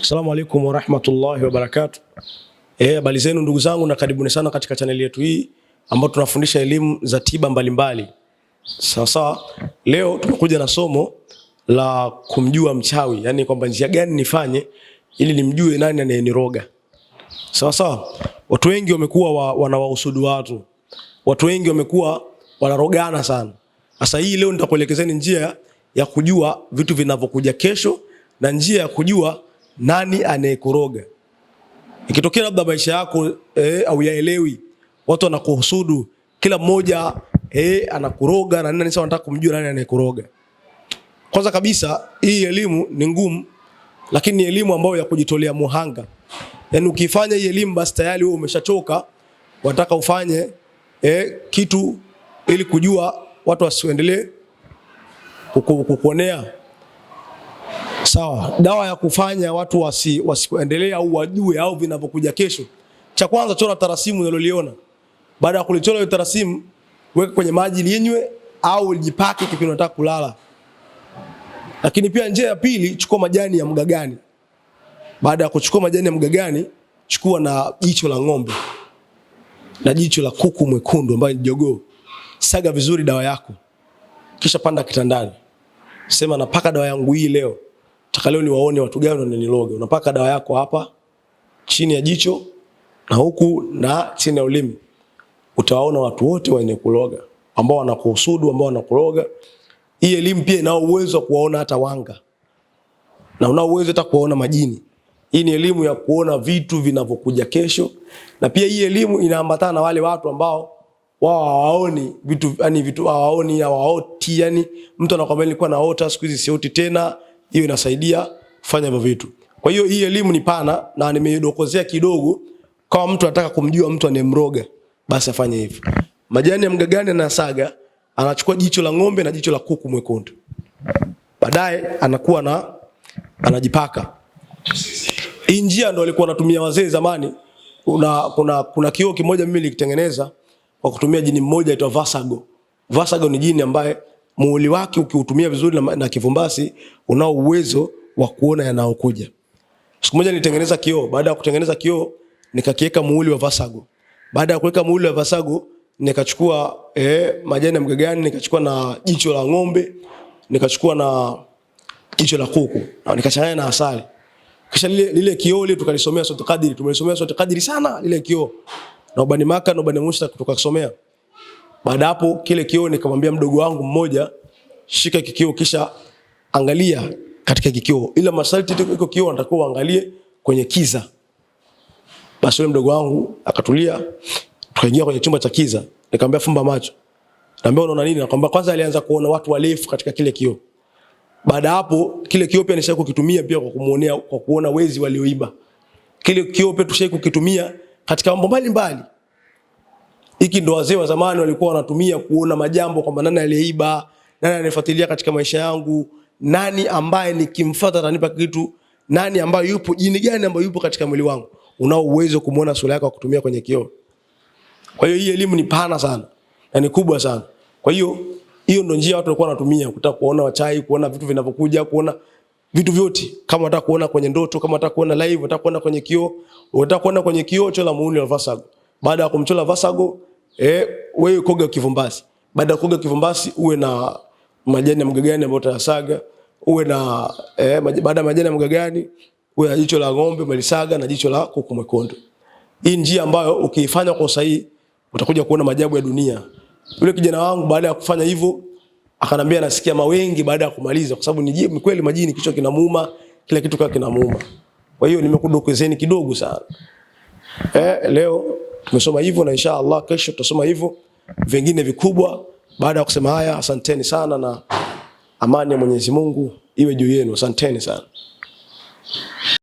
Asalamu alaykum wa rahmatullahi wa barakatuh. eh, zenu ndugu zangu, na karibuni sana katika chaneli yetu hii ambayo tunafundisha elimu za tiba mbalimbali. Sawa sawa. leo tumekuja na somo la kumjua mchawi, yani kwamba njia gani nifanye ili nimjue nani anayeniroga. Sawa sawa. watu wengi wamekuwa wa, wanawahusudu watu, watu wengi wamekuwa wanarogana sana. Sasa hii leo nitakuelekezeni njia ya kujua vitu vinavyokuja kesho na njia ya kujua nani anayekoroga. Ikitokea labda maisha yako eh, au yaelewi, watu wanakuhusudu, kila mmoja eh, anakuroga na nani sasa anataka kumjua nani anayekoroga. Kwanza kabisa hii elimu ni ngumu, lakini ni elimu ambayo ya kujitolea muhanga. Yaani ukifanya hii elimu basi tayari wewe umeshachoka, wataka ufanye eh, kitu ili kujua watu wasiendelee kukuonea Sawa, dawa ya kufanya watu wasi, wasikuendelea au wajue au vinavyokuja kesho. Cha kwanza chora tarasimu unaloliona. Baada ya kulichora hiyo tarasimu, weka kwenye maji linywe au lijipake kipindi unataka kulala. Lakini pia njia ya pili, chukua majani ya mgagani. Baada ya kuchukua majani ya mgagani, chukua na jicho la ng'ombe na jicho la kuku mwekundu ambaye ni jogoo. Saga vizuri dawa yako, kisha panda kitandani, sema napaka dawa yangu hii leo. Nataka leo niwaone watu gani wananiloga. Unapaka dawa yako hapa chini ya jicho na huku na chini ya ulimi. Utawaona watu wote wenye kuloga ambao wanakuhusudu, ambao wanakuloga. Hii elimu pia ina uwezo wa kuwaona hata wanga. Na una uwezo hata kuwaona majini. Hii ni elimu ya kuona vitu vinavyokuja kesho. Na pia hii elimu inaambatana na wale watu ambao wao hawaoni vitu, yani vitu hawaoni, hawaoti, yani mtu anakwambia nilikuwa naota siku hizi sioti tena hiyo inasaidia kufanya hivyo vitu. Kwa hiyo hii elimu ni pana na nimeidokozea kidogo, kama mtu anataka kumjua mtu anayemroga basi afanye hivi. Majani ya mgagani anasaga, anachukua jicho la ng'ombe na jicho la kuku mwekundu, baadaye anakuwa na anajipaka. Hii njia ndo alikuwa anatumia wazee zamani. Una, kuna, kuna kioo kimoja mimi nilikitengeneza kwa kutumia jini mmoja aitwa Vasago. Vasago ni jini ambaye muuli wake ukiutumia vizuri na, na kivumbasi, unao uwezo wa kuona yanayokuja. Siku moja nilitengeneza kioo. Baada ya kutengeneza kioo, nikakiweka muuli wa Vasago. Baada ya kuweka muuli wa Vasago, nikachukua eh, majani ya mgagani, nikachukua na jicho la ng'ombe, nikachukua na jicho la kuku na nikachanganya na asali. Kisha lile, lile kioo lile tukalisomea sote kadiri, tumelisomea sote kadiri sana lile kioo. Na ubani maka na ubani mushta tukasomea. Baada hapo kile kioo nikamwambia mdogo wangu mmoja, shika kikio kisha angalia katika kikio, ila masharti tu iko kioo anatakiwa uangalie kwenye kiza. Basi yule mdogo wangu akatulia, tukaingia kwenye chumba cha kiza. Nikamwambia fumba macho, naambia unaona nini? Nakwambia kwanza, alianza kuona watu walefu katika kile kioo. Baada hapo kile kioo pia nishawahi kitumia pia kwa kumuonea, kwa kuona wezi walioiba. Kile kioo pia tushawahi kitumia katika mambo mbalimbali hiki ndo wazee wa zamani walikuwa wanatumia kuona majambo kwamba nani aliyeiba, nani anifuatilia katika maisha yangu, nani ambaye nikimfuata atanipa kitu, nani ambaye yupo, jini gani ambaye yupo katika mwili wangu. Unao uwezo kumuona sura yako kutumia kwenye kioo. Kwa hiyo hii elimu ni pana sana na ni kubwa sana. Kwa hiyo hiyo ndo njia watu walikuwa wanatumia kutaka kuona wachai, kuona vitu vinavyokuja, kuona vitu vyote. Kama unataka kuona kwenye ndoto, kama unataka kuona live, unataka kuona kwenye kioo, unataka kuona kwenye kioo chola muuni wa Vasago. Baada ya kumchola Vasago eh, wewe koga kivumbasi. Baada ya koga kivumbasi uwe na majani ya mgagani ambayo utayasaga, uwe na eh, baada ya majani ya mgagani uwe na jicho la ng'ombe umelisaga na jicho la kuku mwekundu. Hii njia ambayo ukiifanya kwa sahihi utakuja kuona maajabu ya dunia. Yule kijana wangu baada ya kufanya hivyo akanambia nasikia mawengi baada ya kumaliza, kwa sababu ni kweli majini, kichwa kinamuuma, kila kitu kinamuuma. Kwa hiyo nimekudokezeni kidogo sana eh, leo Tumesoma hivyo na insha Allah kesho tutasoma hivyo vingine vikubwa. Baada ya kusema haya, asanteni sana na amani ya Mwenyezi Mungu iwe juu yenu. Asanteni sana.